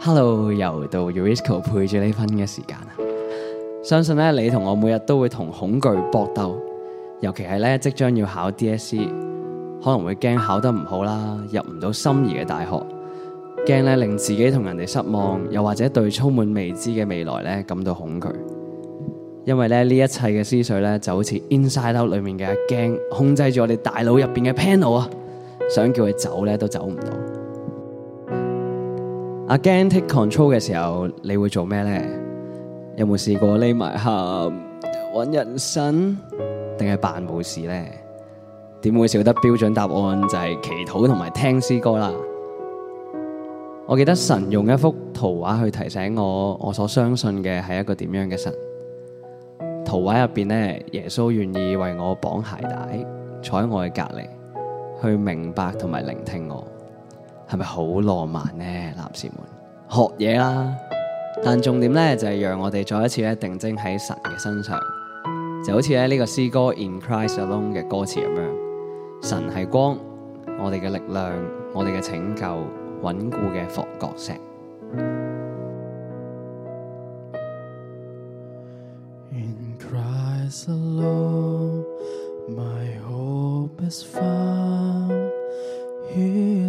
Hello，又到 Eurisko 陪住你瞓嘅時間啊！相信咧，你同我每日都會同恐懼搏鬥，尤其係咧即將要考 DSE，可能會驚考得唔好啦，入唔到心儀嘅大學，驚咧令自己同人哋失望，又或者對充滿未知嘅未來咧感到恐懼。因為咧呢一切嘅思緒咧，就好似 Inside Out 裏面嘅驚，控制住我哋大腦入邊嘅 panel 啊！想叫佢走咧，都走唔到。阿驚 take control 嘅時候，你會做咩咧？有冇試過匿埋喊搵人生，定係扮無事咧？點會少得標準答案？就係祈禱同埋聽詩歌啦。我記得神用一幅圖畫去提醒我，我所相信嘅係一個點樣嘅神。圖畫入邊咧，耶穌願意為我綁鞋帶，坐喺我嘅隔籬。去明白同埋聆聽我，係咪好浪漫呢？男士們，學嘢啦，但重點咧就係讓我哋再一次咧定睛喺神嘅身上，就好似咧呢個詩歌《In Christ Alone》嘅歌詞咁樣，神係光，我哋嘅力量，我哋嘅拯救，穩固嘅房角石。《In Christ Alone》。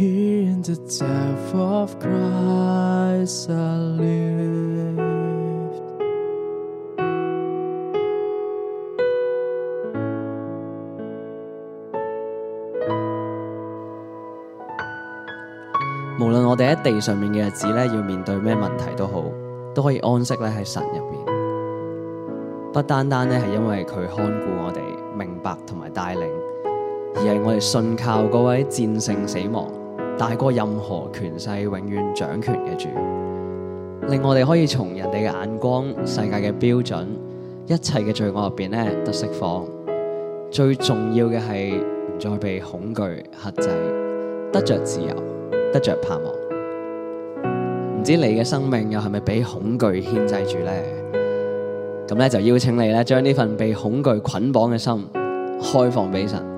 In the death of Christ, I live. 無論我哋喺地上面嘅日子咧，要面對咩問題都好，都可以安息咧喺神入邊。不單單咧係因為佢看顧我哋，明白同埋帶領，而係我哋信靠嗰位戰勝死亡。大過任何權勢，永遠掌權嘅主，令我哋可以從人哋嘅眼光、世界嘅標準、一切嘅罪惡入邊咧得釋放。最重要嘅係唔再被恐懼轄制，得着自由，得着盼望。唔知你嘅生命又係咪俾恐懼牽制住咧？咁咧就邀請你咧，將呢份被恐懼捆綁嘅心開放俾神。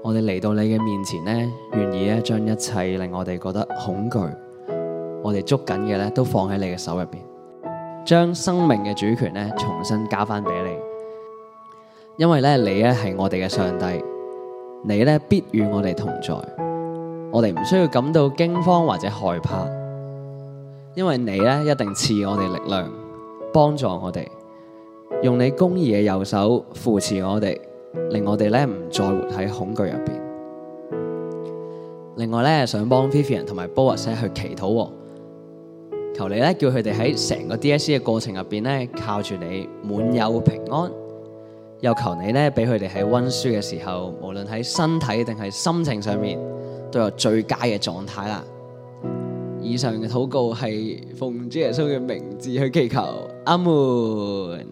我哋嚟到你嘅面前咧，願意咧將一切令我哋覺得恐懼，我哋捉緊嘅咧都放喺你嘅手入邊，將生命嘅主權咧重新加翻俾你。因為咧你咧係我哋嘅上帝，你咧必與我哋同在，我哋唔需要感到驚慌或者害怕，因為你咧一定賜我哋力量，幫助我哋，用你公義嘅右手扶持我哋。令我哋咧唔再活喺恐懼入邊。另外咧，想幫 Vivian 同埋 Bois 去祈禱，求你咧叫佢哋喺成個 D.S.C 嘅過程入邊咧，靠住你滿有平安。又求你咧，俾佢哋喺溫書嘅時候，無論喺身體定係心情上面，都有最佳嘅狀態啦。以上嘅禱告係奉主耶穌嘅名字去祈求，阿門。